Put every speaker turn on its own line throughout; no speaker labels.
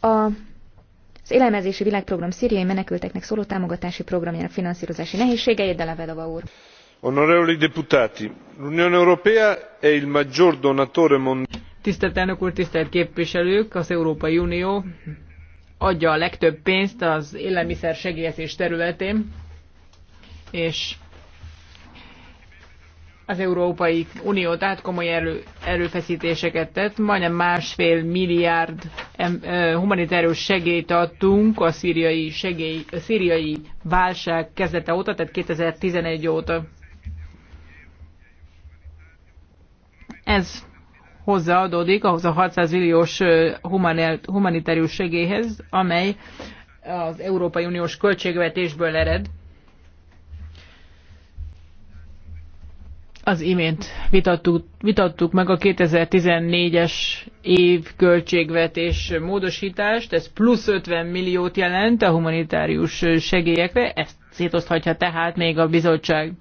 A az élelmezési világprogram szíriai menekülteknek szóló támogatási programjának finanszírozási nehézségeit de levedova úr.
Honorevoli deputati, l'Unione Europea è il maggior donatore mondiale. Tisztelt elnök úr, tisztelt képviselők, az Európai Unió adja a legtöbb pénzt az élelmiszer segélyezés területén, és az Európai Unió tehát komoly erő, erőfeszítéseket tett, majdnem másfél milliárd humanitárius segélyt adtunk a szíriai, segély, a szíriai válság kezdete óta, tehát 2011 óta. Ez hozzáadódik ahhoz a 600 milliós humanitárius segélyhez, amely az Európai Uniós költségvetésből ered. Az imént vitattuk, vitattuk meg a 2014-es év költségvetés módosítást, ez plusz 50 milliót jelent a humanitárius segélyekre, ezt szétoszthatja tehát még a bizottság.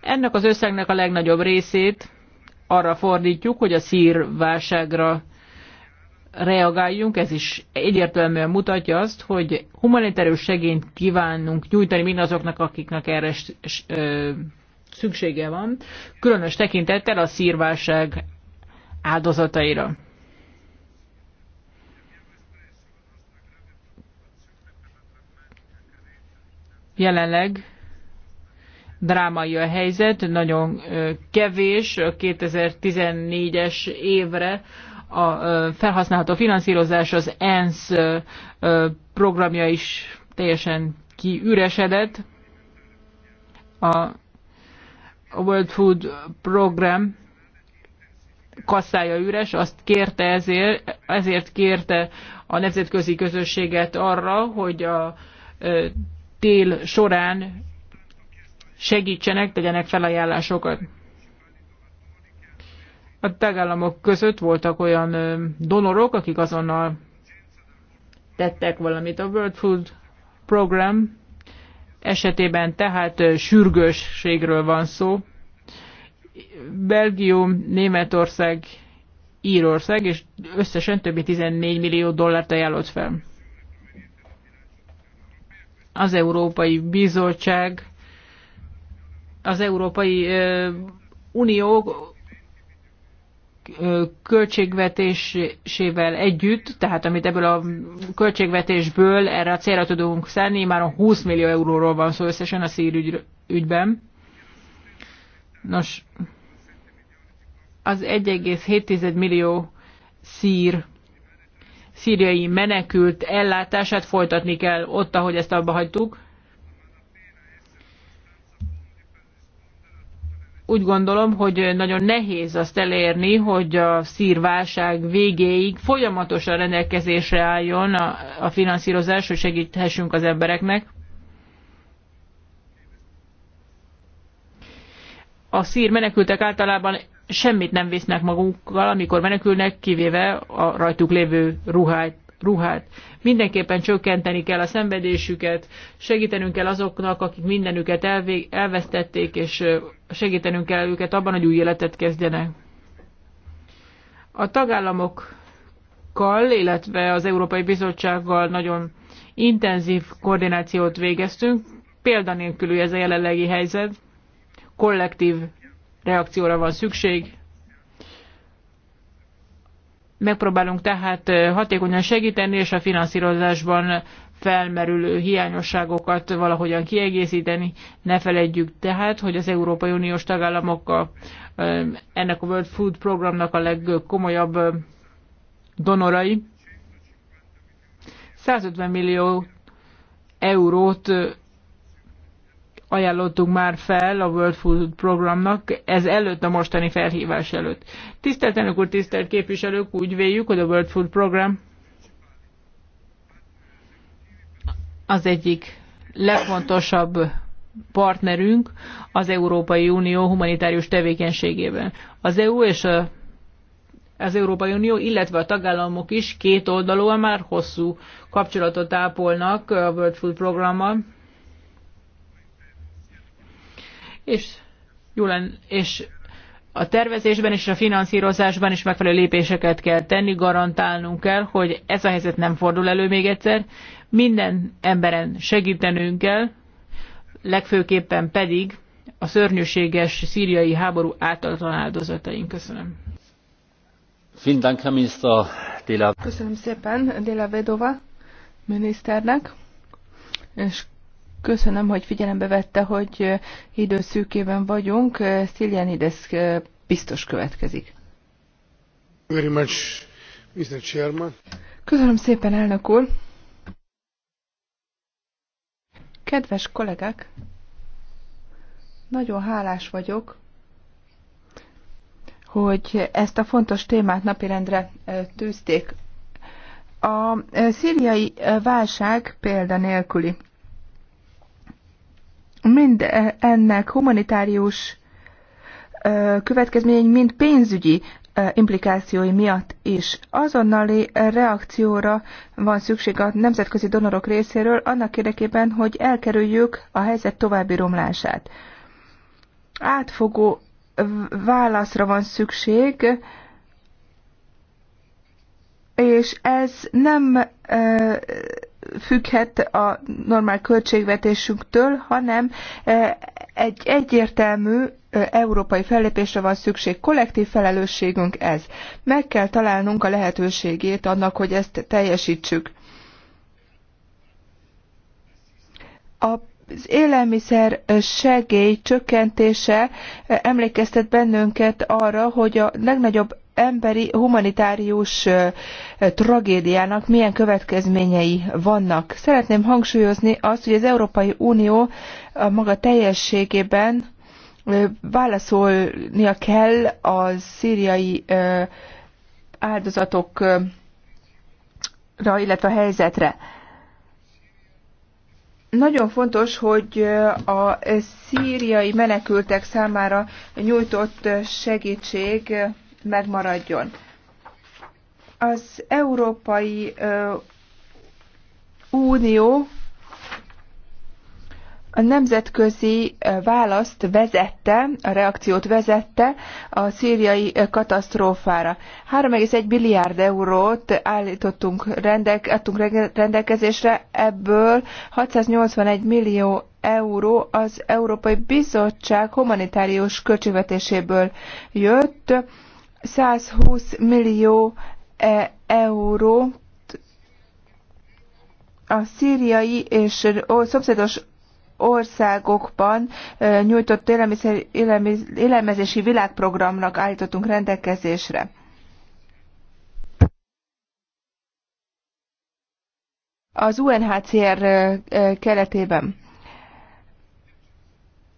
Ennek az összegnek a legnagyobb részét arra fordítjuk, hogy a szír válságra reagáljunk, ez is egyértelműen mutatja azt, hogy humanitárius segényt kívánunk nyújtani mindazoknak, akiknek erre szüksége van, különös tekintettel a szírválság áldozataira. Jelenleg drámai a helyzet, nagyon kevés 2014-es évre a felhasználható finanszírozás, az ENSZ programja is teljesen kiüresedett. A a World Food Program kasszája üres, azt kérte ezért, ezért kérte a nemzetközi közösséget arra, hogy a tél során segítsenek, tegyenek felajánlásokat. A tagállamok között voltak olyan donorok, akik azonnal tettek valamit. A World Food Program esetében tehát sürgősségről van szó. Belgium, Németország, Írország, és összesen több mint 14 millió dollárt ajánlott fel. Az Európai Bizottság, az Európai Unió költségvetésével együtt, tehát amit ebből a költségvetésből erre a célra tudunk szenni, már 20 millió euróról van szó összesen a szír ügyben. Nos, az 1,7 millió szír szíriai menekült ellátását folytatni kell ott, ahogy ezt abba hagytuk. úgy gondolom, hogy nagyon nehéz azt elérni, hogy a szírválság végéig folyamatosan rendelkezésre álljon a, a finanszírozás, hogy segíthessünk az embereknek. A szír menekültek általában semmit nem visznek magukkal, amikor menekülnek, kivéve a rajtuk lévő ruhát. ruhát. Mindenképpen csökkenteni kell a szenvedésüket, segítenünk kell azoknak, akik mindenüket elvesztették, és segítenünk kell őket abban, hogy új életet kezdjenek. A tagállamokkal, illetve az Európai Bizottsággal nagyon intenzív koordinációt végeztünk, példanélkülű ez a jelenlegi helyzet, kollektív reakcióra van szükség. Megpróbálunk tehát hatékonyan segíteni, és a finanszírozásban felmerülő hiányosságokat valahogyan kiegészíteni. Ne feledjük tehát, hogy az Európai Uniós tagállamok a, ennek a World Food Programnak a legkomolyabb donorai. 150 millió eurót ajánlottunk már fel a World Food Programnak, ez előtt a mostani felhívás előtt. Tisztelt elnök úr, tisztelt képviselők, úgy véljük, hogy a World Food Program az egyik legfontosabb partnerünk az Európai Unió humanitárius tevékenységében. Az EU és a, az Európai Unió, illetve a tagállamok is két oldalon már hosszú kapcsolatot ápolnak a World Food programmal. És, Julen, és a tervezésben és a finanszírozásban is megfelelő lépéseket kell tenni, garantálnunk kell, hogy ez a helyzet nem fordul elő még egyszer, minden emberen segítenünk kell, legfőképpen pedig a szörnyűséges szíriai háború által áldozatain. Köszönöm.
Köszönöm szépen Déla Vedova miniszternek, és köszönöm, hogy figyelembe vette, hogy időszűkében vagyunk. Szilianides eh, biztos következik. Very much, Mr. Chairman. Köszönöm szépen, elnök úr. Kedves kollégák, nagyon hálás vagyok, hogy ezt a fontos témát napirendre tűzték. A szíriai válság példa nélküli. Mind ennek humanitárius következmény, mind pénzügyi implikációi miatt is. Azonnali reakcióra van szükség a nemzetközi donorok részéről annak érdekében, hogy elkerüljük a helyzet további romlását. Átfogó válaszra van szükség, és ez nem függhet a normál költségvetésünktől, hanem egy egyértelmű európai fellépésre van szükség, kollektív felelősségünk ez. Meg kell találnunk a lehetőségét annak, hogy ezt teljesítsük. A az élelmiszer segély csökkentése emlékeztet bennünket arra, hogy a legnagyobb emberi humanitárius tragédiának milyen következményei vannak. Szeretném hangsúlyozni azt, hogy az Európai Unió a maga teljességében válaszolnia kell a szíriai áldozatokra, illetve a helyzetre. Nagyon fontos, hogy a szíriai menekültek számára nyújtott segítség megmaradjon. Az Európai Unió a nemzetközi választ vezette, a reakciót vezette a szíriai katasztrófára. 3,1 milliárd eurót állítottunk rendek, adtunk rendelkezésre, ebből 681 millió euró az Európai Bizottság humanitárius költségvetéséből jött, 120 millió e, euró a szíriai és szomszédos országokban nyújtott élelmiszer, élelmiz, élelmezési világprogramnak állítottunk rendelkezésre. Az UNHCR keretében.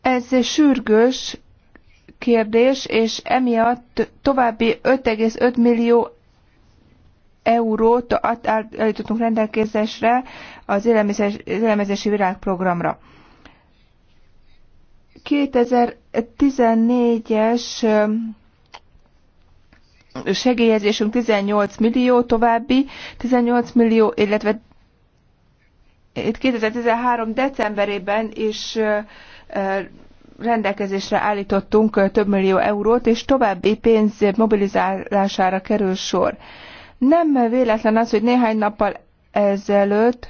Ez sürgős kérdés, és emiatt további 5,5 millió eurót állítottunk rendelkezésre az élelmezési világprogramra. 2014-es segélyezésünk 18 millió további, 18 millió, illetve 2013. decemberében is rendelkezésre állítottunk több millió eurót, és további pénz mobilizálására kerül sor. Nem véletlen az, hogy néhány nappal ezelőtt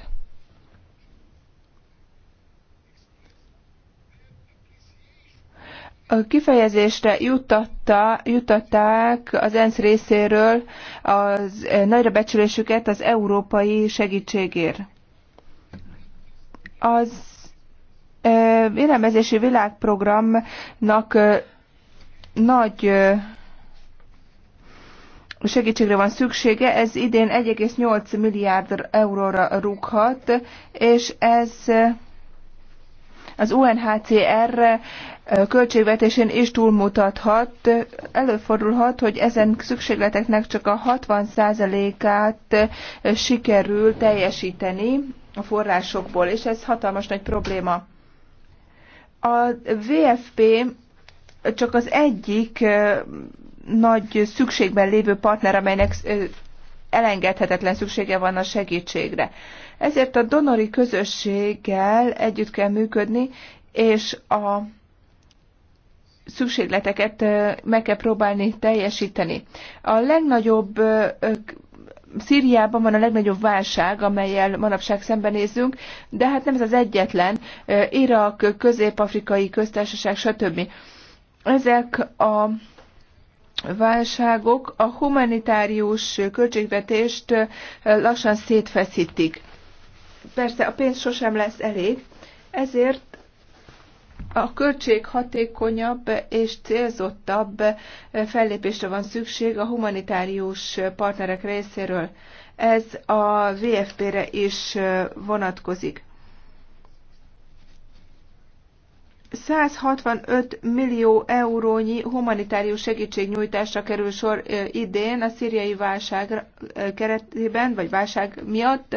kifejezésre juttatta, juttatták az ENSZ részéről az eh, nagyra becsülésüket az európai segítségért. Az eh, élelmezési világprogramnak eh, nagy segítségre van szüksége, ez idén 1,8 milliárd euróra rúghat, és ez az UNHCR költségvetésén is túlmutathat. Előfordulhat, hogy ezen szükségleteknek csak a 60%-át sikerül teljesíteni a forrásokból, és ez hatalmas nagy probléma. A VFP csak az egyik nagy szükségben lévő partner, amelynek elengedhetetlen szüksége van a segítségre. Ezért a donori közösséggel együtt kell működni, és a szükségleteket meg kell próbálni teljesíteni. A legnagyobb Szíriában van a legnagyobb válság, amelyel manapság szembenézünk, de hát nem ez az egyetlen. Irak, közép-afrikai köztársaság, stb. Ezek a válságok a humanitárius költségvetést lassan szétfeszítik. Persze a pénz sosem lesz elég, ezért a költség hatékonyabb és célzottabb fellépésre van szükség a humanitárius partnerek részéről. Ez a VFP-re is vonatkozik. 165 millió eurónyi humanitárius segítségnyújtásra kerül sor idén a szíriai válság keretében, vagy válság miatt.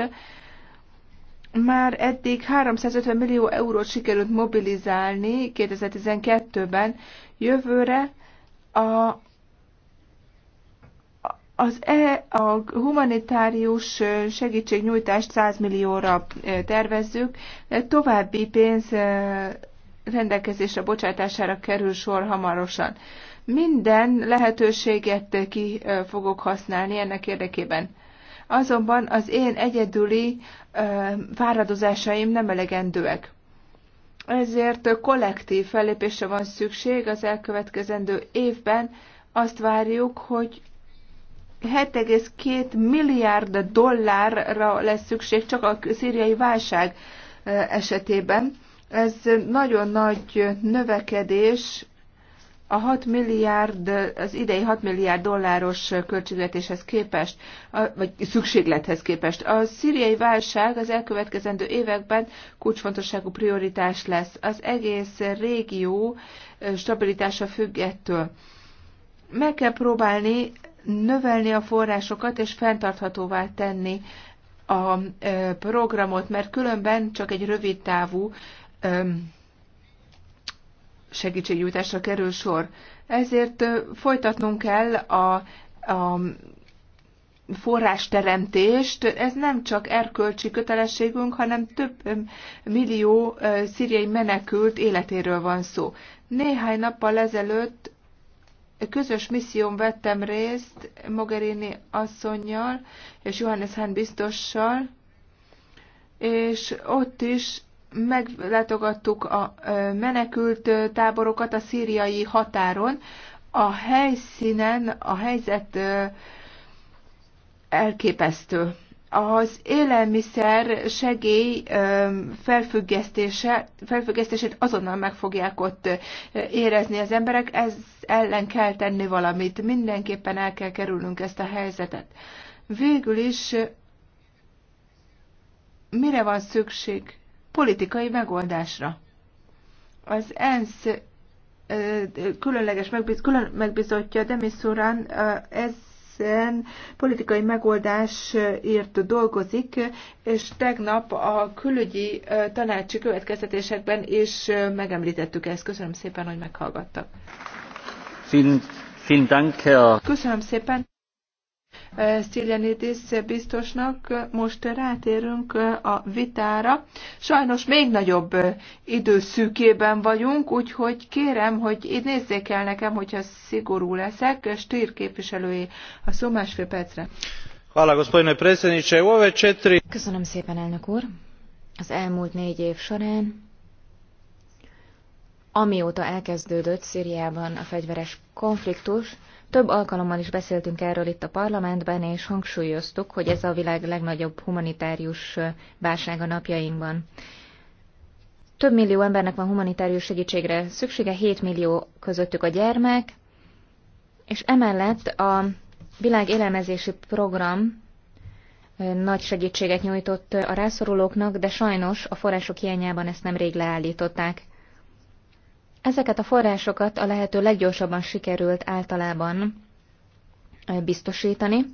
Már eddig 350 millió eurót sikerült mobilizálni 2012-ben, jövőre a, az e, a humanitárius segítségnyújtást 100 millióra e, tervezzük, de további pénz e, rendelkezésre bocsátására kerül sor hamarosan. Minden lehetőséget ki e, fogok használni ennek érdekében azonban az én egyedüli fáradozásaim nem elegendőek. Ezért kollektív fellépésre van szükség az elkövetkezendő évben. Azt várjuk, hogy 7,2 milliárd dollárra lesz szükség csak a szíriai válság esetében. Ez nagyon nagy növekedés a 6 milliárd, az idei 6 milliárd dolláros költségvetéshez képest, vagy szükséglethez képest. A szíriai válság az elkövetkezendő években kulcsfontosságú prioritás lesz. Az egész régió stabilitása függ ettől. Meg kell próbálni növelni a forrásokat és fenntarthatóvá tenni a programot, mert különben csak egy rövid távú segítségnyújtásra kerül sor. Ezért folytatnunk kell a, a forrásteremtést. Ez nem csak erkölcsi kötelességünk, hanem több millió szíriai menekült életéről van szó. Néhány nappal ezelőtt közös misszión vettem részt Mogherini asszonynal és Johannes Hahn biztossal, és ott is meglátogattuk a menekült táborokat a szíriai határon. A helyszínen a helyzet elképesztő. Az élelmiszer segély felfüggesztése, felfüggesztését azonnal meg fogják ott érezni az emberek, ez ellen kell tenni valamit, mindenképpen el kell kerülnünk ezt a helyzetet. Végül is mire van szükség? politikai megoldásra. Az ENSZ különleges megbiz, külön megbizotja Demisurán ezen politikai megoldásért dolgozik, és tegnap a külügyi tanácsi következtetésekben is megemlítettük ezt. Köszönöm szépen, hogy meghallgattak. Dank, Köszönöm szépen. Szilianidis biztosnak. Most rátérünk a vitára. Sajnos még nagyobb időszűkében vagyunk, úgyhogy kérem, hogy itt nézzék el nekem, hogyha szigorú leszek. Stír képviselői a szó másfél percre.
Köszönöm szépen, elnök úr. Az elmúlt négy év során Amióta elkezdődött Szíriában a fegyveres konfliktus, több alkalommal is beszéltünk erről itt a parlamentben, és hangsúlyoztuk, hogy ez a világ legnagyobb humanitárius válsága napjainkban. Több millió embernek van humanitárius segítségre szüksége, 7 millió közöttük a gyermek, és emellett a világ élelmezési program nagy segítséget nyújtott a rászorulóknak, de sajnos a források hiányában ezt nemrég leállították. Ezeket a forrásokat a lehető leggyorsabban sikerült általában biztosítani.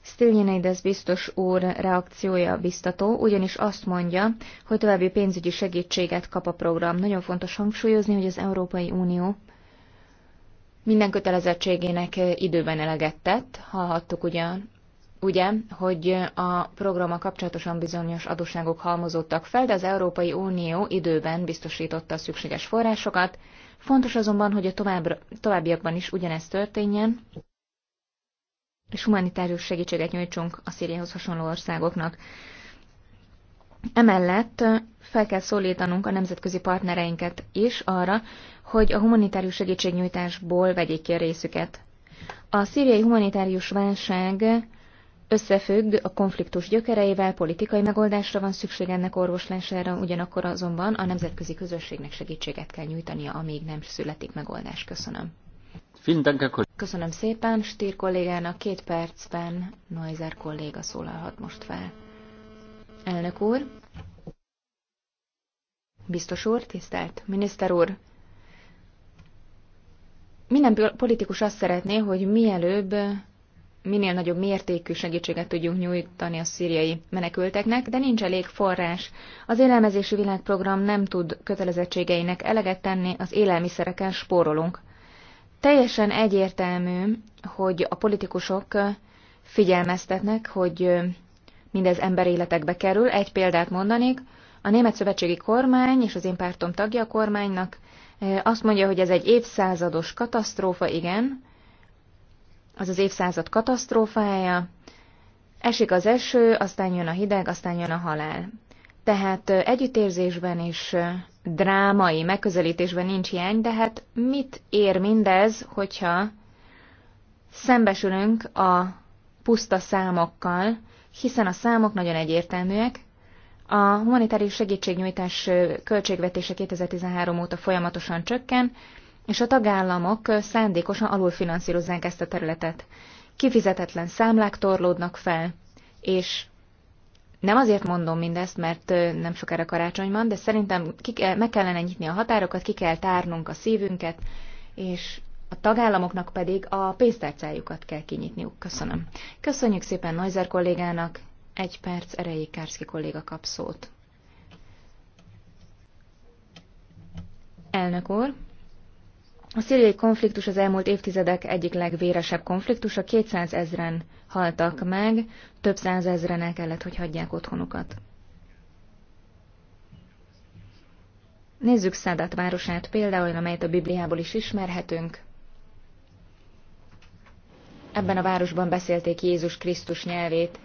Stylianides biztos úr reakciója biztató, ugyanis azt mondja, hogy további pénzügyi segítséget kap a program. Nagyon fontos hangsúlyozni, hogy az Európai Unió minden kötelezettségének időben eleget tett, hallhattuk ugyan ugye, hogy a programa kapcsolatosan bizonyos adósságok halmozódtak fel, de az Európai Unió időben biztosította a szükséges forrásokat. Fontos azonban, hogy a tovább, továbbiakban is ugyanez történjen, és humanitárius segítséget nyújtsunk a Szíriához hasonló országoknak. Emellett fel kell szólítanunk a nemzetközi partnereinket is arra, hogy a humanitárius segítségnyújtásból vegyék ki a részüket. A szíriai humanitárius válság összefügg a konfliktus gyökereivel, politikai megoldásra van szükség ennek orvoslására, ugyanakkor azonban a nemzetközi közösségnek segítséget kell nyújtania, amíg nem születik megoldás. Köszönöm. Köszönöm szépen, Stír kollégának két percben Noizer kolléga szólalhat most fel. Elnök úr, biztos úr, tisztelt miniszter úr, minden politikus azt szeretné, hogy mielőbb minél nagyobb mértékű segítséget tudjunk nyújtani a szíriai menekülteknek, de nincs elég forrás. Az élelmezési világprogram nem tud kötelezettségeinek eleget tenni, az élelmiszereken spórolunk. Teljesen egyértelmű, hogy a politikusok figyelmeztetnek, hogy mindez emberéletekbe kerül. Egy példát mondanék, a Német Szövetségi Kormány és az én pártom tagja a kormánynak eh, azt mondja, hogy ez egy évszázados katasztrófa, igen, az az évszázad katasztrófája, esik az eső, aztán jön a hideg, aztán jön a halál. Tehát együttérzésben és drámai megközelítésben nincs hiány, de hát mit ér mindez, hogyha szembesülünk a puszta számokkal, hiszen a számok nagyon egyértelműek. A humanitárius segítségnyújtás költségvetése 2013 óta folyamatosan csökken, és a tagállamok szándékosan alulfinanszírozzák ezt a területet. Kifizetetlen számlák torlódnak fel, és nem azért mondom mindezt, mert nem sokára karácsony van, de szerintem ki kell, meg kellene nyitni a határokat, ki kell tárnunk a szívünket, és a tagállamoknak pedig a pénztárcájukat kell kinyitniuk. Köszönöm. Köszönjük szépen Neuser kollégának. Egy perc erejéig Kárszki kolléga kap szót. Elnök úr, a szíriai konfliktus az elmúlt évtizedek egyik legvéresebb konfliktusa, 200 ezren haltak meg, több százezren el kellett, hogy hagyják otthonukat. Nézzük Szádat városát például, amelyet a Bibliából is ismerhetünk. Ebben a városban beszélték Jézus Krisztus nyelvét,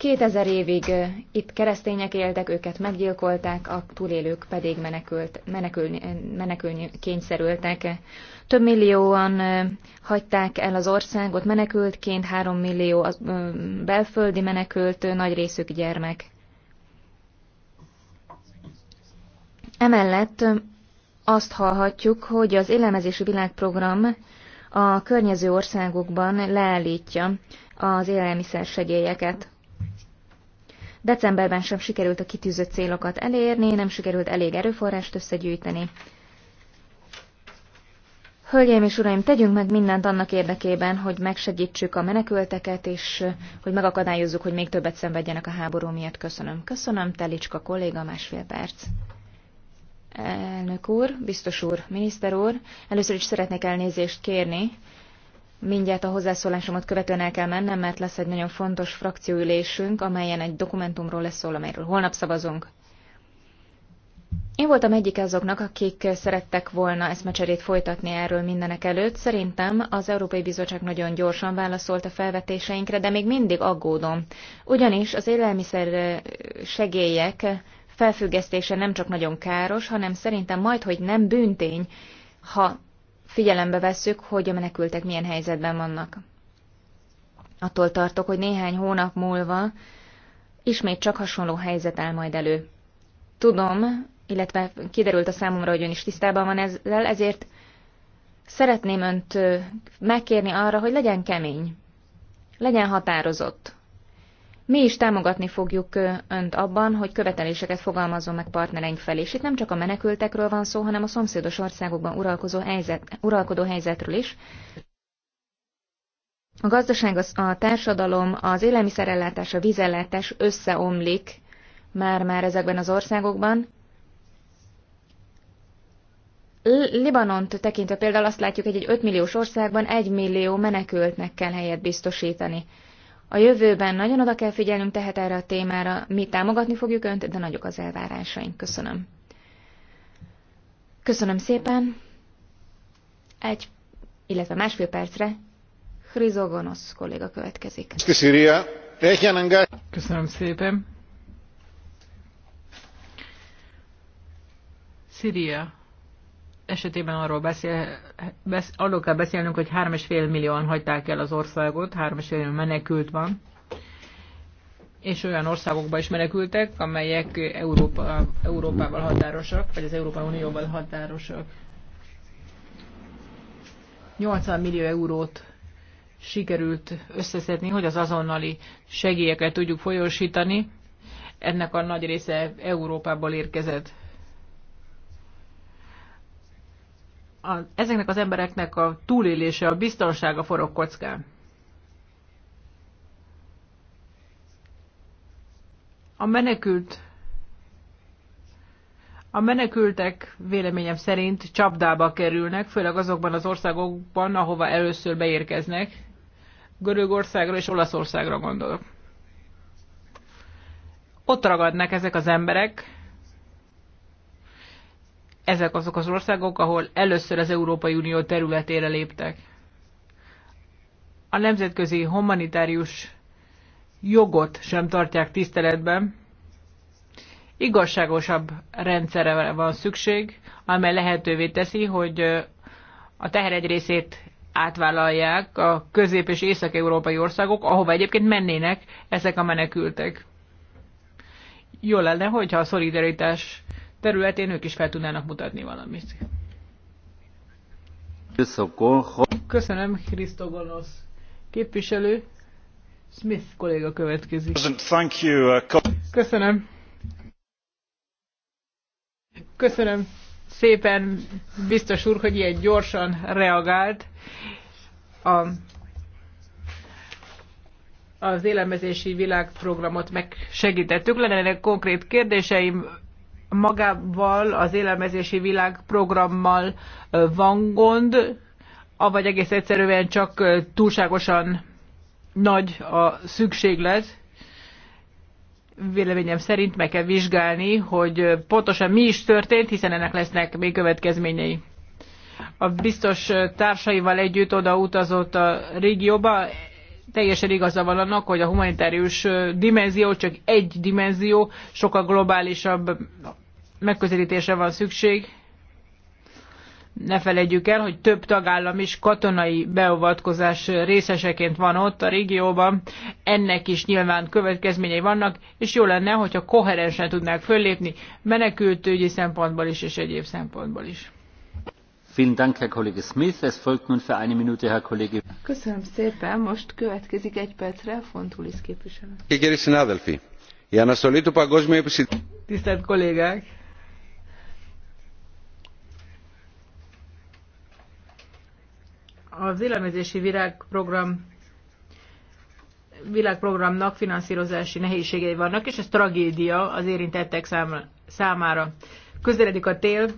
2000 évig itt keresztények éltek, őket meggyilkolták, a túlélők pedig menekült, menekülni, menekülni kényszerültek. Több millióan hagyták el az országot menekültként, három millió az, belföldi menekült, nagy részük gyermek. Emellett azt hallhatjuk, hogy az élelmezési világprogram a környező országokban leállítja az élelmiszer segélyeket. Decemberben sem sikerült a kitűzött célokat elérni, nem sikerült elég erőforrást összegyűjteni. Hölgyeim és uraim, tegyünk meg mindent annak érdekében, hogy megsegítsük a menekülteket, és eh, hogy megakadályozzuk, hogy még többet szenvedjenek a háború miatt. Köszönöm. Köszönöm, Telicska kolléga, másfél perc. Elnök úr, biztos úr, miniszter úr, először is szeretnék elnézést kérni Mindjárt a hozzászólásomat követően el kell mennem, mert lesz egy nagyon fontos frakcióülésünk, amelyen egy dokumentumról lesz szó, amelyről holnap szavazunk. Én voltam egyik azoknak, akik szerettek volna eszmecserét folytatni erről mindenek előtt. Szerintem az Európai Bizottság nagyon gyorsan válaszolt a felvetéseinkre, de még mindig aggódom. Ugyanis az élelmiszer segélyek felfüggesztése nem csak nagyon káros, hanem szerintem majd, hogy nem bűntény, ha figyelembe vesszük, hogy a menekültek milyen helyzetben vannak. Attól tartok, hogy néhány hónap múlva ismét csak hasonló helyzet áll majd elő. Tudom, illetve kiderült a számomra, hogy ön is tisztában van ezzel, ezért szeretném önt megkérni arra, hogy legyen kemény, legyen határozott. Mi is támogatni fogjuk önt abban, hogy követeléseket fogalmazzon meg partnereink felé, és itt nem csak a menekültekről van szó, hanem a szomszédos országokban uralkozó helyzet, uralkodó helyzetről is. A gazdaság, a társadalom, az élelmiszerellátás, a vízellátás összeomlik már-már ezekben az országokban, Libanont tekintve például azt látjuk, hogy egy 5 milliós országban 1 millió menekültnek kell helyet biztosítani. A jövőben nagyon oda kell figyelnünk tehet erre a témára, mi támogatni fogjuk Önt, de nagyok az elvárásaink. Köszönöm. Köszönöm szépen. Egy, illetve másfél percre Hrizogonosz kolléga következik.
Köszönöm szépen. Szíria esetében arról beszél, besz, arról kell beszélnünk, hogy 3,5 millióan hagyták el az országot, 3,5 millió menekült van, és olyan országokba is menekültek, amelyek Európa, Európával határosak, vagy az Európai Unióval határosak. 80 millió eurót sikerült összeszedni, hogy az azonnali segélyeket tudjuk folyósítani. Ennek a nagy része Európából érkezett. a, ezeknek az embereknek a túlélése, a biztonsága forog kockán. A menekült a menekültek véleményem szerint csapdába kerülnek, főleg azokban az országokban, ahova először beérkeznek. Görögországra és Olaszországra gondolok. Ott ragadnak ezek az emberek, ezek azok az országok, ahol először az Európai Unió területére léptek. A nemzetközi humanitárius jogot sem tartják tiszteletben. Igazságosabb rendszerre van szükség, amely lehetővé teszi, hogy a teher egy részét átvállalják a közép- és észak-európai országok, ahova egyébként mennének ezek a menekültek. Jó lenne, hogyha a szolidaritás területén ők is fel tudnának mutatni valamit. Köszönöm, Krisztogonosz képviselő. Smith kolléga következik. Uh, Köszönöm. Köszönöm szépen, biztos úr, hogy ilyen gyorsan reagált a, az élelmezési világprogramot megsegítettük. Lennének konkrét kérdéseim, magával, az élelmezési világ programmal van gond, avagy egész egyszerűen csak túlságosan nagy a szükséglet. Véleményem szerint meg kell vizsgálni, hogy pontosan mi is történt, hiszen ennek lesznek még következményei. A biztos társaival együtt oda utazott a régióba, teljesen igaza van annak, hogy a humanitárius dimenzió csak egy dimenzió, sokkal globálisabb megközelítésre van szükség. Ne felejtjük el, hogy több tagállam is katonai beavatkozás részeseként van ott a régióban. Ennek is nyilván következményei vannak, és jó lenne, hogyha koherensen tudnák föllépni menekültőgyi szempontból is és egyéb szempontból is.
Köszönöm szépen, most következik egy percre Fontulis képviselő. Tisztelt kollégák!
az élelmezési világprogram világprogramnak finanszírozási nehézségei vannak, és ez tragédia az érintettek számára. Közeledik a tél,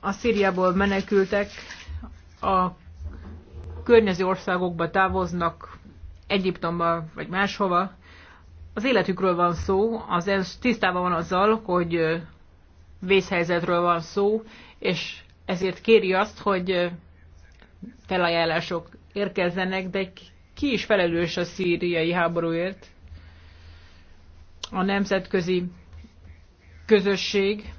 a Szíriából menekültek, a környező országokba távoznak, Egyiptomba vagy máshova. Az életükről van szó, az ENSZ tisztában van azzal, hogy vészhelyzetről van szó, és ezért kéri azt, hogy felajánlások érkezzenek, de ki is felelős a szíriai háborúért? A nemzetközi közösség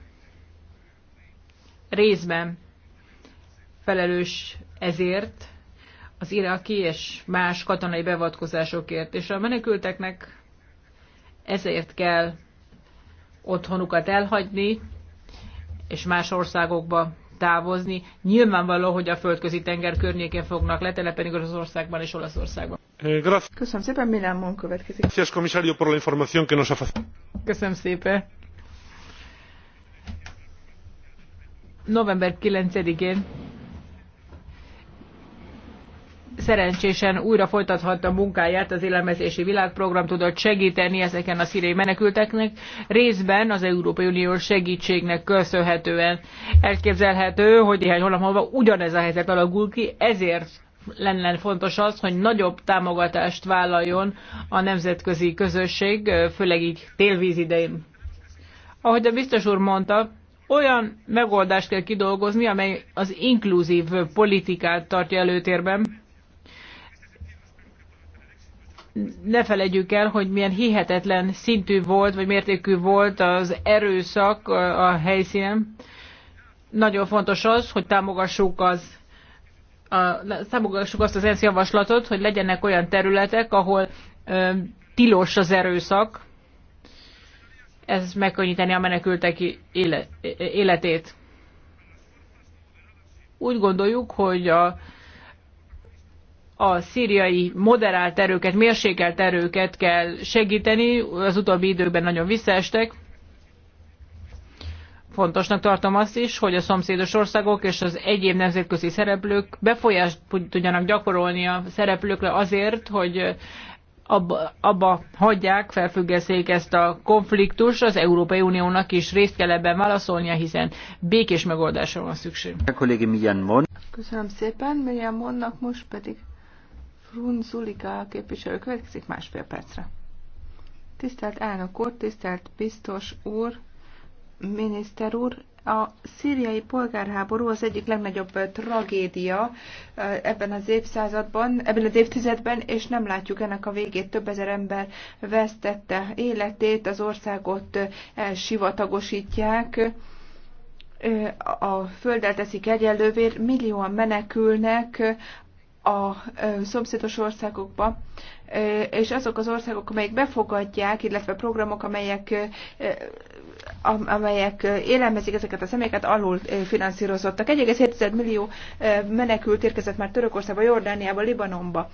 részben felelős ezért az iraki és más katonai beavatkozásokért, és a menekülteknek ezért kell otthonukat elhagyni, és más országokba távozni. Nyilvánvaló, hogy a földközi tenger környékén fognak letelepedni Oroszországban és Olaszországban.
Eh, Köszönöm szépen, Milán Mon következik. Köszönöm szépen.
November 9-én szerencsésen újra folytathatta a munkáját, az élelmezési világprogram tudott segíteni ezeken a szíriai menekülteknek, részben az Európai Unió segítségnek köszönhetően. Elképzelhető, hogy néhány hónap múlva ugyanez a helyzet alakul ki, ezért lenne fontos az, hogy nagyobb támogatást vállaljon a nemzetközi közösség, főleg így télvíz idején. Ahogy a biztos úr mondta, olyan megoldást kell kidolgozni, amely az inkluzív politikát tartja előtérben, ne felejtjük el, hogy milyen hihetetlen szintű volt, vagy mértékű volt az erőszak a helyszínen. Nagyon fontos az, hogy támogassuk az a, támogassuk azt az ENSZ javaslatot, hogy legyenek olyan területek, ahol ö, tilos az erőszak, ez megkönnyíteni a menekültek életét. Úgy gondoljuk, hogy a a szíriai moderált erőket, mérsékelt erőket kell segíteni. Az utóbbi időkben nagyon visszaestek. Fontosnak tartom azt is, hogy a szomszédos országok és az egyéb nemzetközi szereplők befolyást tudjanak gyakorolni a szereplőkre azért, hogy abba, abba hagyják, felfüggeszék ezt a konfliktust, az Európai Uniónak is részt kell ebben válaszolnia, hiszen békés megoldásra van szükség.
Köszönöm szépen, Miriam mondnak most pedig Frunzulika képviselő következik másfél percre. Tisztelt elnök úr, tisztelt biztos úr, miniszter úr, a szíriai polgárháború az egyik legnagyobb tragédia ebben az évszázadban, ebben az évtizedben, és nem látjuk ennek a végét. Több ezer ember vesztette életét, az országot elsivatagosítják, a földet teszik egyenlővér, millióan menekülnek a szomszédos országokba, és azok az országok, amelyek befogadják, illetve programok, amelyek, amelyek élelmezik ezeket a személyeket, alul finanszírozottak. 1,7 millió menekült érkezett már Törökországba, Jordániába, Libanonba.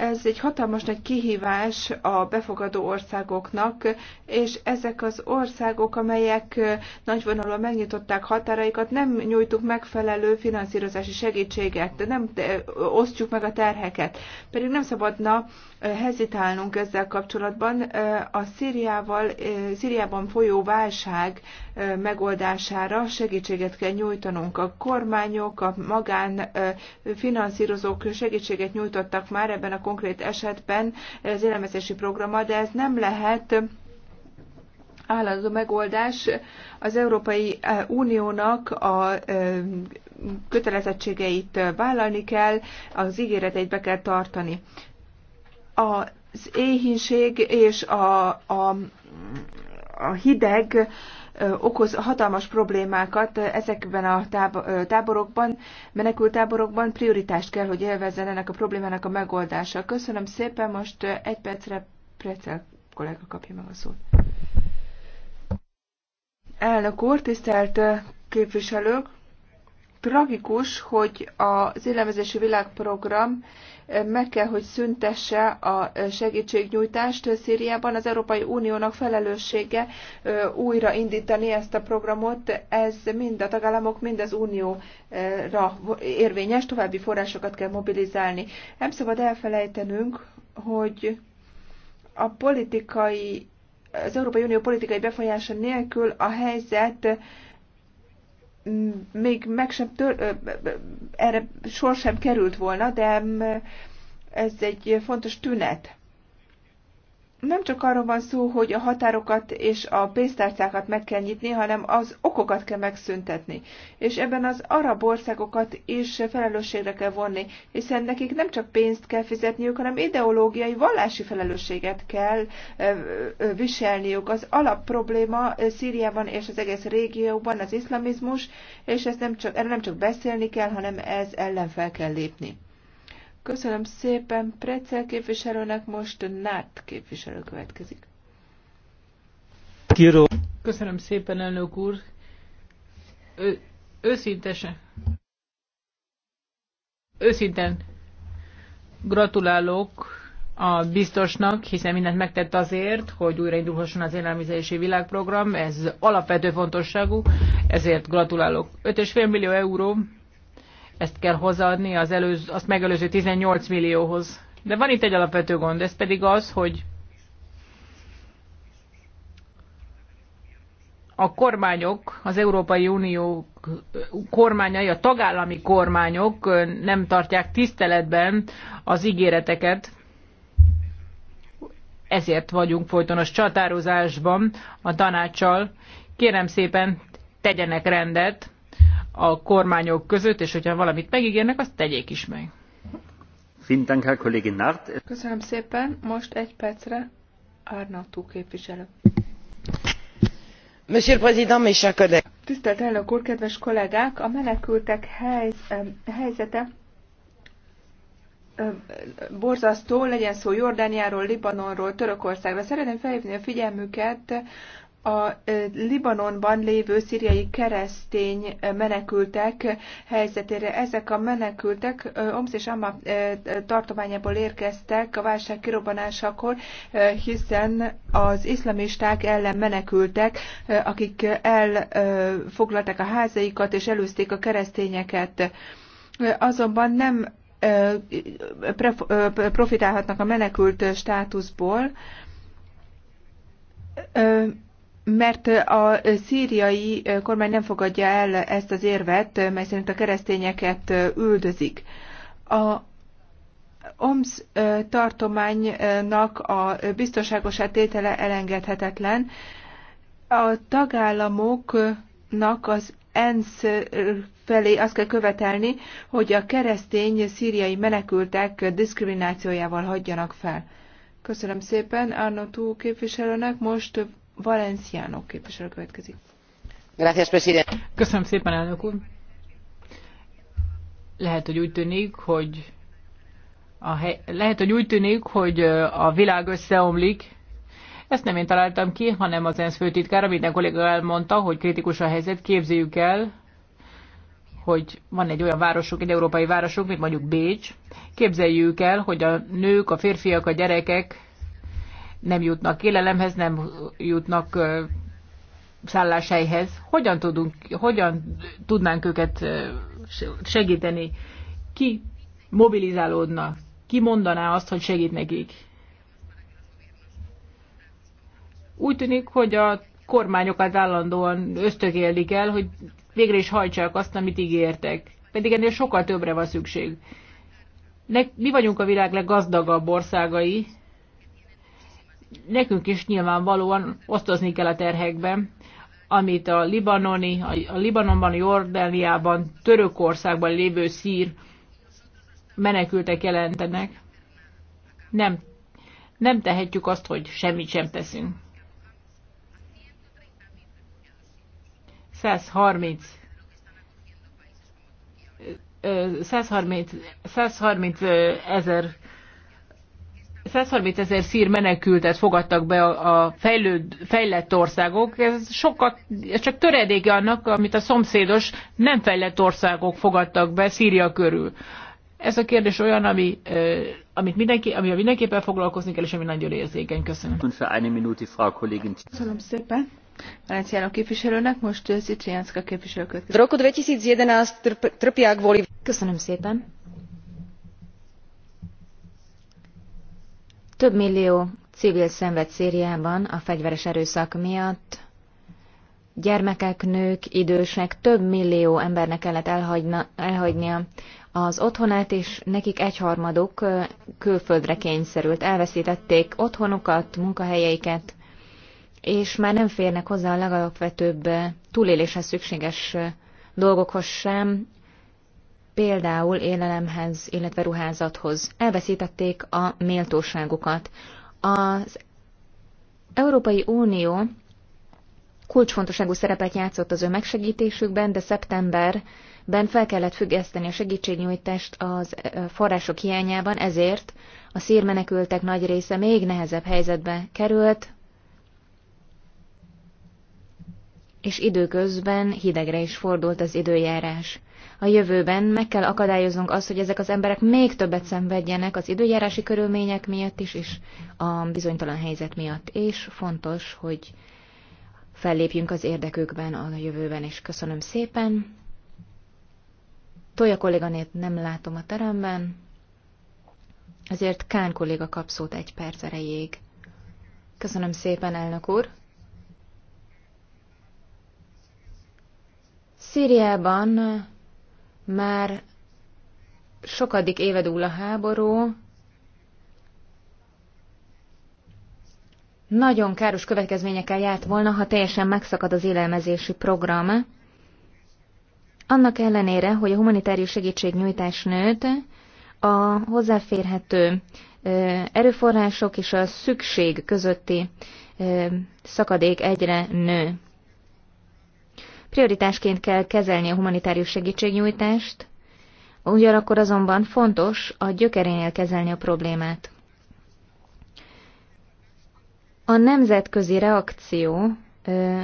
Ez egy hatalmas nagy kihívás a befogadó országoknak, és ezek az országok, amelyek nagyvonalúan megnyitották határaikat, nem nyújtuk megfelelő finanszírozási segítséget, nem osztjuk meg a terheket. Pedig nem szabadna hezitálnunk ezzel kapcsolatban. A Szíriával, Szíriában folyó válság megoldására segítséget kell nyújtanunk. A kormányok, a magán finanszírozók segítséget nyújtottak már ebben a konkrét esetben az élelmezési programmal, de ez nem lehet állandó megoldás az Európai Uniónak a kötelezettségeit vállalni kell, az ígéreteit be kell tartani. Az éhínség és a, a, a hideg okoz hatalmas problémákat ezekben a táborokban, menekültáborokban prioritást kell, hogy élvezzen ennek a problémának a megoldása. Köszönöm szépen, most egy percre Precel kollega kapja meg a szót. Elnök úr, tisztelt képviselők! Tragikus, hogy az élelmezési világprogram meg kell, hogy szüntesse a segítségnyújtást Szíriában. Az Európai Uniónak felelőssége újra indítani ezt a programot. Ez mind a tagállamok, mind az Unióra érvényes, további forrásokat kell mobilizálni. Nem szabad elfelejtenünk, hogy a politikai, az Európai Unió politikai befolyása nélkül a helyzet még meg sem tör, erre sor sem került volna, de ez egy fontos tünet nem csak arról van szó, hogy a határokat és a pénztárcákat meg kell nyitni, hanem az okokat kell megszüntetni. És ebben az arab országokat is felelősségre kell vonni, hiszen nekik nem csak pénzt kell fizetniük, hanem ideológiai, vallási felelősséget kell viselniük. Az alapprobléma Szíriában és az egész régióban az iszlamizmus, és ezt nem csak, erről nem csak beszélni kell, hanem ez ellen fel kell lépni. Köszönöm szépen Precel képviselőnek, most Nárt képviselő következik.
Kiro.
Köszönöm szépen, elnök úr. Ö, őszintesen. Őszinten gratulálok a biztosnak, hiszen mindent megtett azért, hogy újraindulhasson az élelmiszerési világprogram, ez alapvető fontosságú, ezért gratulálok. 5,5 millió euró ezt kell hozzáadni az előz, azt megelőző 18 millióhoz. De van itt egy alapvető gond, ez pedig az, hogy a kormányok, az Európai Unió kormányai, a tagállami kormányok nem tartják tiszteletben az ígéreteket, ezért vagyunk folytonos csatározásban a tanácssal. Kérem szépen, tegyenek rendet, a kormányok között, és hogyha valamit megígérnek, azt tegyék is meg.
Köszönöm szépen. Most egy percre Arnautú képviselő. Monsieur le Président, mes chers collègues. Tisztelt elnök úr, kedves kollégák! A menekültek eh, helyzete borzasztó, legyen szó Jordániáról, Libanonról, Törökországról. Szeretném felhívni a figyelmüket a Libanonban lévő szíriai keresztény menekültek helyzetére. Ezek a menekültek Omsz és Amma tartományából érkeztek a válság kirobbanásakor, hiszen az iszlamisták ellen menekültek, akik elfoglalták a házaikat és előzték a keresztényeket. Azonban nem profitálhatnak a menekült státuszból, mert a szíriai kormány nem fogadja el ezt az érvet, mely szerint a keresztényeket üldözik. A OMSZ tartománynak a biztonságos tétele elengedhetetlen. A tagállamoknak az ENSZ felé azt kell követelni, hogy a keresztény szíriai menekültek diszkriminációjával hagyjanak fel. Köszönöm szépen Arno Tú képviselőnek, most Valenciano képviselő következik.
Köszönöm szépen, elnök úr. Lehet, hogy úgy tűnik, hogy a hely, lehet, hogy úgy tűnik, hogy a világ összeomlik. Ezt nem én találtam ki, hanem az ENSZ főtitkára. Minden kolléga elmondta, hogy kritikus a helyzet. Képzeljük el, hogy van egy olyan városunk, egy európai városunk, mint mondjuk Bécs. Képzeljük el, hogy a nők, a férfiak, a gyerekek nem jutnak élelemhez, nem jutnak szálláshelyhez. Hogyan, tudunk, hogyan tudnánk őket segíteni? Ki mobilizálódna? Ki mondaná azt, hogy segít nekik? Úgy tűnik, hogy a kormányokat állandóan ösztökélik el, hogy végre is hajtsák azt, amit ígértek. Pedig ennél sokkal többre van szükség. Ne, mi vagyunk a világ leggazdagabb országai, nekünk is nyilvánvalóan osztozni kell a terhekben, amit a libanoni, a Libanonban, Jordániában, Törökországban lévő szír menekültek jelentenek. Nem, nem tehetjük azt, hogy semmit sem teszünk. 130 130, 130 ezer 130 ezer szír menekültet fogadtak be a, a fejlőd, fejlett országok, ez, sokat, ez csak töredéke annak, amit a szomszédos nem fejlett országok fogadtak be Szíria körül. Ez a kérdés olyan, ami, eh, amit mindenki, ami a mindenképpen foglalkozni kell, és ami nagyon érzékeny. Köszönöm.
Köszönöm szépen. Valenciano képviselőnek, most Citriánszka képviselő Köszönöm szépen.
Több millió civil szenved Szíriában a fegyveres erőszak miatt. Gyermekek, nők, idősek, több millió embernek kellett elhagyna, elhagynia az otthonát, és nekik egyharmaduk külföldre kényszerült. Elveszítették otthonukat, munkahelyeiket, és már nem férnek hozzá a legalapvetőbb túléléshez szükséges dolgokhoz sem, például élelemhez, illetve ruházathoz. Elveszítették a méltóságukat. Az Európai Unió kulcsfontosságú szerepet játszott az ő megsegítésükben, de szeptemberben fel kellett függeszteni a segítségnyújtást az források hiányában, ezért a szírmenekültek nagy része még nehezebb helyzetbe került, és időközben hidegre is fordult az időjárás. A jövőben meg kell akadályoznunk azt, hogy ezek az emberek még többet szenvedjenek az időjárási körülmények miatt is, és a bizonytalan helyzet miatt. És fontos, hogy fellépjünk az érdekükben a jövőben, és köszönöm szépen. Tolja kolléganét nem látom a teremben, ezért Kán kolléga kap szót egy perc erejéig. Köszönöm szépen, elnök úr! Szíriában már sokadik éve dúl a háború, nagyon káros következményekkel járt volna, ha teljesen megszakad az élelmezési program. Annak ellenére, hogy a humanitárius segítségnyújtás nőtt, a hozzáférhető erőforrások és a szükség közötti szakadék egyre nő. Prioritásként kell kezelni a humanitárius segítségnyújtást, ugyanakkor azonban fontos a gyökerénél kezelni a problémát. A nemzetközi reakció ö,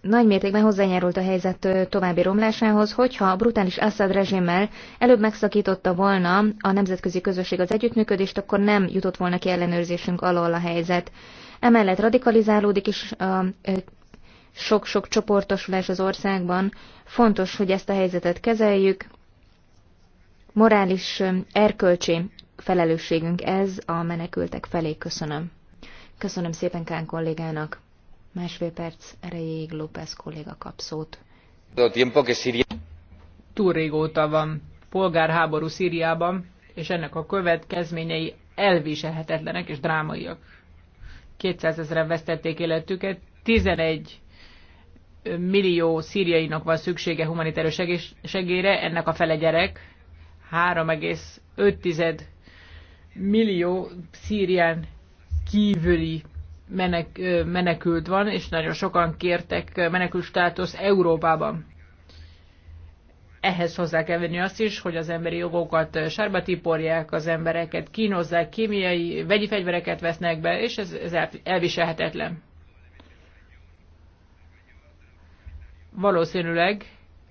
nagymértékben hozzájárult a helyzet további romlásához, hogyha a brutális Assad rezsimmel előbb megszakította volna a nemzetközi közösség az együttműködést, akkor nem jutott volna ki ellenőrzésünk alól a helyzet. Emellett radikalizálódik is a sok-sok csoportosulás az országban. Fontos, hogy ezt a helyzetet kezeljük. Morális, erkölcsi felelősségünk ez a menekültek felé. Köszönöm. Köszönöm szépen Kán kollégának. Másfél perc erejéig López kolléga kap szót.
Túl régóta van polgárháború Szíriában, és ennek a következményei elviselhetetlenek és drámaiak. 200 ezeren vesztették életüket, 11 millió szíriainak van szüksége humanitárius segélyre, ennek a fele gyerek, 3,5 millió szírián kívüli menek, menekült van, és nagyon sokan kértek menekült státusz Európában. Ehhez hozzá kell venni azt is, hogy az emberi jogokat sárba tiporják, az embereket kínozzák, kémiai, vegyi fegyvereket vesznek be, és ez, ez elviselhetetlen. valószínűleg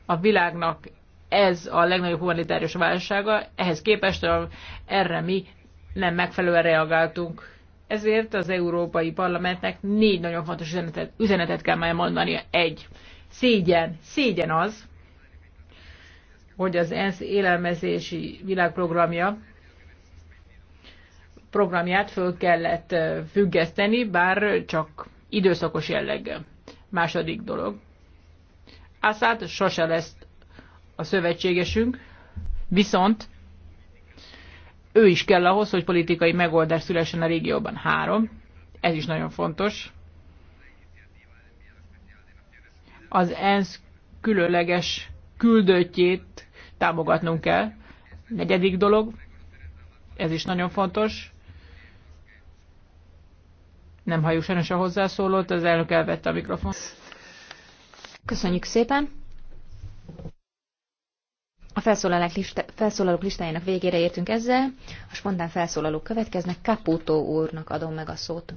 a világnak ez a legnagyobb humanitárius válsága, ehhez képest a, erre mi nem megfelelően reagáltunk. Ezért az Európai Parlamentnek négy nagyon fontos üzenetet, üzenetet kell már mondania. Egy, szégyen, szégyen az, hogy az ENSZ élelmezési világprogramja programját föl kellett függeszteni, bár csak időszakos jelleggel. Második dolog. Assad sose lesz a szövetségesünk, viszont ő is kell ahhoz, hogy politikai megoldás szülessen a régióban. Három, ez is nagyon fontos. Az ENSZ különleges küldöttjét támogatnunk kell. Negyedik dolog, ez is nagyon fontos. Nem halljuk sajnos a hozzászólót, az elnök elvette a mikrofont.
Köszönjük szépen! A felszólalók, lista, felszólalók listájának végére értünk ezzel. A spontán felszólalók következnek. Caputo úrnak adom meg a szót.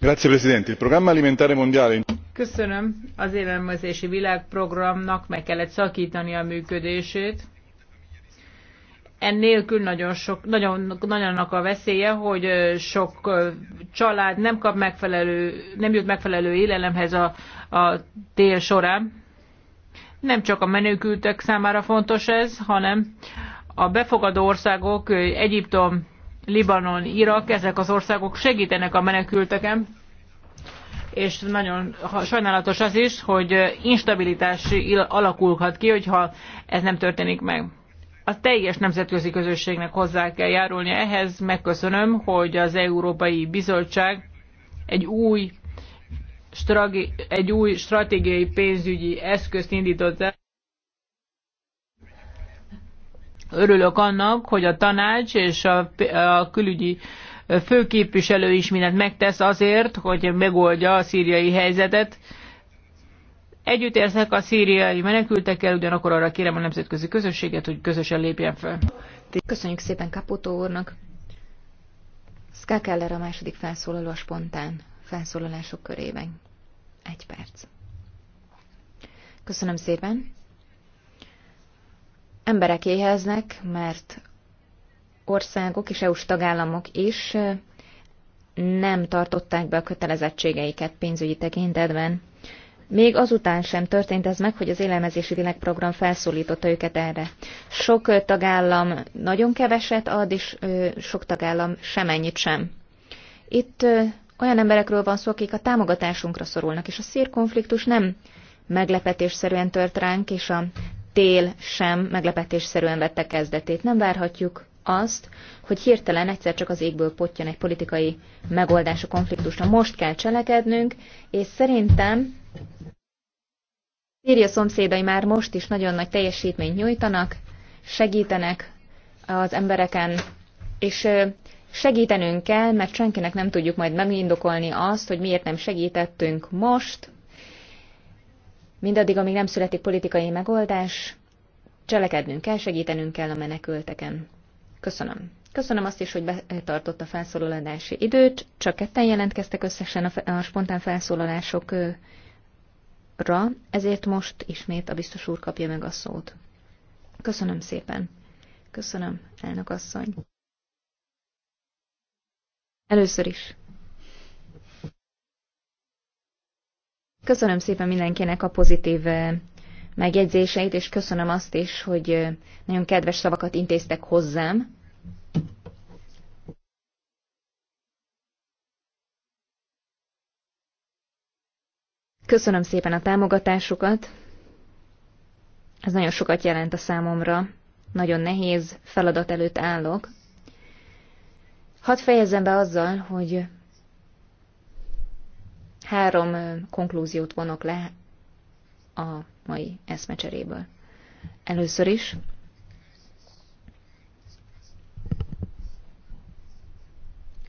Grazie Presidente. Il programma alimentare mondiale... Köszönöm. Az élelmezési világprogramnak meg kellett szakítani a működését ennélkül nagyon, sok, nagyon, nagyon annak a veszélye, hogy sok család nem kap megfelelő, nem jut megfelelő élelemhez a, a tél során. Nem csak a menőkültek számára fontos ez, hanem a befogadó országok, Egyiptom, Libanon, Irak, ezek az országok segítenek a menekülteken, és nagyon sajnálatos az is, hogy instabilitás alakulhat ki, hogyha ez nem történik meg a teljes nemzetközi közösségnek hozzá kell járulni ehhez. Megköszönöm, hogy az Európai Bizottság egy új, stragi, egy új stratégiai pénzügyi eszközt indított el. Örülök annak, hogy a tanács és a, a külügyi főképviselő is mindent megtesz azért, hogy megoldja a szíriai helyzetet. Együtt érzek a szíriai menekültekkel, ugyanakkor
arra kérem a nemzetközi közösséget, hogy közösen lépjen fel. Köszönjük szépen Kaputó úrnak. Ska Keller a második felszólaló a spontán felszólalások körében. Egy perc. Köszönöm szépen. Emberek éheznek, mert országok és EU-s tagállamok is eh, nem tartották be a kötelezettségeiket pénzügyi tekintetben. Még azután sem történt ez meg, hogy az élelmezési világprogram felszólította őket erre. Sok tagállam nagyon keveset ad, és sok tagállam semennyit sem. Itt olyan emberekről van szó, akik a támogatásunkra szorulnak, és a szírkonfliktus nem meglepetésszerűen tört ránk, és a tél sem meglepetésszerűen vette kezdetét. Nem várhatjuk azt, hogy hirtelen egyszer csak az égből potjan egy politikai megoldás a konfliktusra. Most kell cselekednünk, és szerintem Szíria szomszédai már most is nagyon nagy teljesítményt nyújtanak, segítenek az embereken, és segítenünk kell, mert senkinek nem tudjuk majd megindokolni azt, hogy miért nem segítettünk most, mindaddig, amíg nem születik politikai megoldás, cselekednünk kell, segítenünk kell a menekülteken. Köszönöm. Köszönöm azt is, hogy betartott a felszólalási időt. Csak ketten jelentkeztek összesen a, a spontán felszólalásokra, ezért most ismét a biztos úr kapja meg a szót. Köszönöm szépen. Köszönöm, elnök asszony. Először is. Köszönöm szépen mindenkinek a pozitív eh, megjegyzéseit, és köszönöm azt is, hogy eh, nagyon kedves szavakat intéztek hozzám. Köszönöm szépen a támogatásukat. Ez nagyon sokat jelent a számomra. Nagyon nehéz feladat előtt állok. Hadd fejezzem be azzal, hogy három konklúziót vonok le a mai eszmecseréből. Először is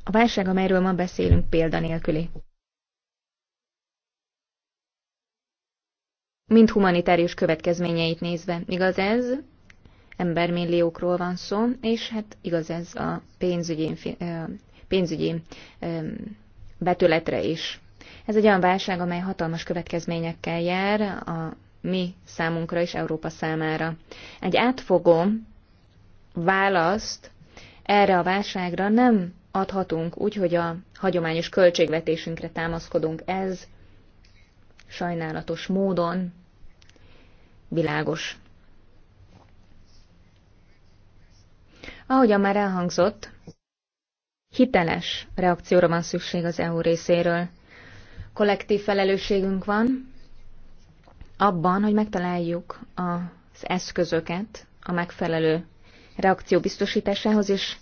a válság, amelyről ma beszélünk, példanélküli. mind humanitárius következményeit nézve. Igaz ez? Embermilliókról van szó, és hát igaz ez a pénzügyi, pénzügyi betületre is. Ez egy olyan válság, amely hatalmas következményekkel jár a mi számunkra és Európa számára. Egy átfogó választ erre a válságra nem adhatunk úgy, hogy a hagyományos költségvetésünkre támaszkodunk. Ez sajnálatos módon világos. Ahogyan már elhangzott, hiteles reakcióra van szükség az EU részéről. Kollektív felelősségünk van abban, hogy megtaláljuk az eszközöket a megfelelő reakció biztosításához, és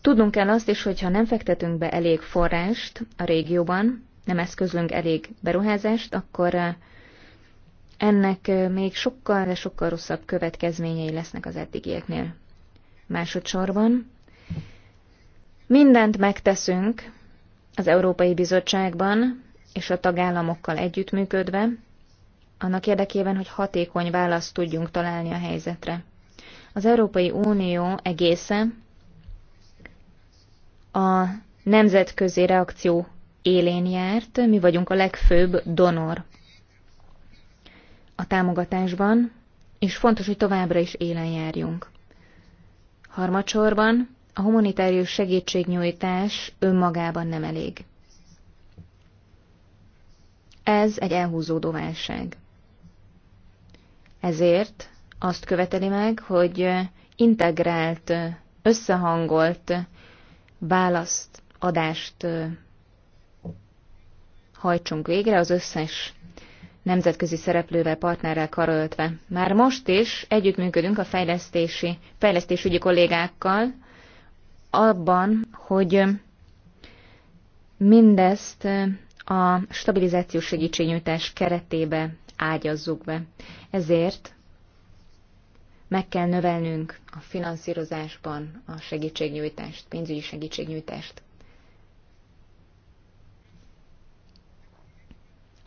tudnunk kell azt is, hogyha nem fektetünk be elég forrást a régióban, nem eszközlünk elég beruházást, akkor eh, ennek eh, még sokkal, de sokkal rosszabb következményei lesznek az eddigieknél. Másodszorban mindent megteszünk az Európai Bizottságban és a tagállamokkal együttműködve, annak érdekében, hogy hatékony választ tudjunk találni a helyzetre. Az Európai Unió egésze a nemzetközi reakció élén járt, mi vagyunk a legfőbb donor a támogatásban, és fontos, hogy továbbra is élen járjunk. Harmadsorban a humanitárius segítségnyújtás önmagában nem elég. Ez egy elhúzódó válság. Ezért azt követeli meg, hogy integrált, összehangolt választ, adást hajtsunk végre az összes nemzetközi szereplővel, partnerrel karöltve. Már most is együttműködünk a fejlesztési, fejlesztésügyi kollégákkal abban, hogy mindezt a stabilizációs segítségnyújtás keretébe ágyazzuk be. Ezért meg kell növelnünk a finanszírozásban a segítségnyújtást, pénzügyi segítségnyújtást.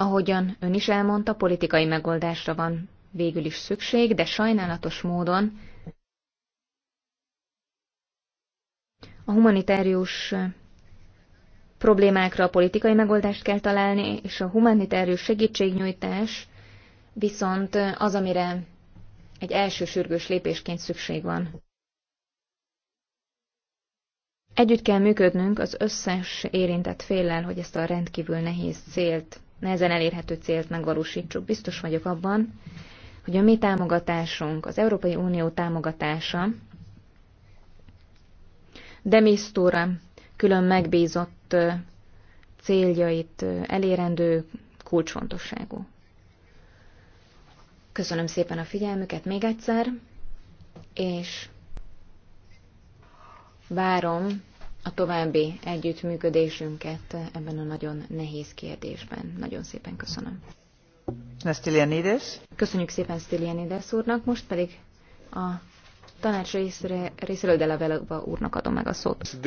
Ahogyan ön is elmondta, politikai megoldásra van végül is szükség, de sajnálatos módon a humanitárius problémákra a politikai megoldást kell találni, és a humanitárius segítségnyújtás viszont az, amire egy első sürgős lépésként szükség van. Együtt kell működnünk az összes érintett féllel, hogy ezt a rendkívül nehéz célt nehezen elérhető célt megvalósítsuk. Biztos vagyok abban, hogy a mi támogatásunk, az Európai Unió támogatása, de Misztóra külön megbízott céljait elérendő kulcsfontosságú. Köszönöm szépen a figyelmüket még egyszer, és várom a további együttműködésünket ebben a nagyon nehéz kérdésben. Nagyon szépen köszönöm. Köszönjük szépen Stylianides úrnak, most pedig a tanács részre, részről Delavelova úrnak adom meg a szót.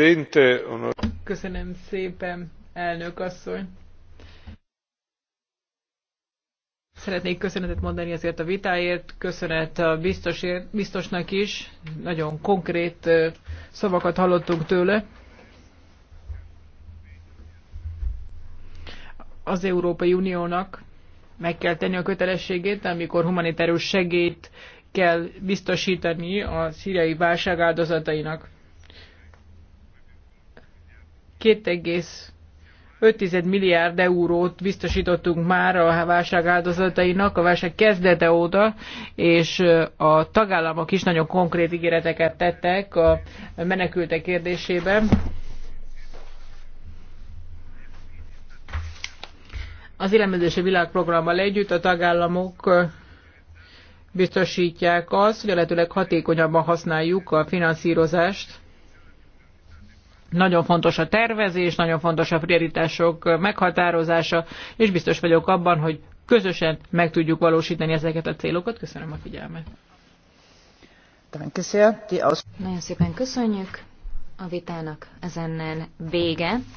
Köszönöm szépen, elnök asszony.
Szeretnék köszönetet mondani ezért a vitáért, köszönet a biztosért, biztosnak is, nagyon konkrét szavakat hallottunk tőle. az Európai Uniónak meg kell tenni a kötelességét, amikor humanitárius segélyt kell biztosítani a szíriai válság áldozatainak. 2,5 milliárd eurót biztosítottunk már a válság áldozatainak a válság kezdete óta, és a tagállamok is nagyon konkrét ígéreteket tettek a menekültek kérdésében. Az élelmezési világprogrammal együtt a tagállamok biztosítják azt, hogy a lehetőleg hatékonyabban használjuk a finanszírozást. Nagyon fontos a tervezés, nagyon fontos a prioritások meghatározása, és biztos vagyok abban, hogy közösen meg tudjuk valósítani ezeket a célokat. Köszönöm a figyelmet.
Nagyon szépen köszönjük a vitának ezennel vége.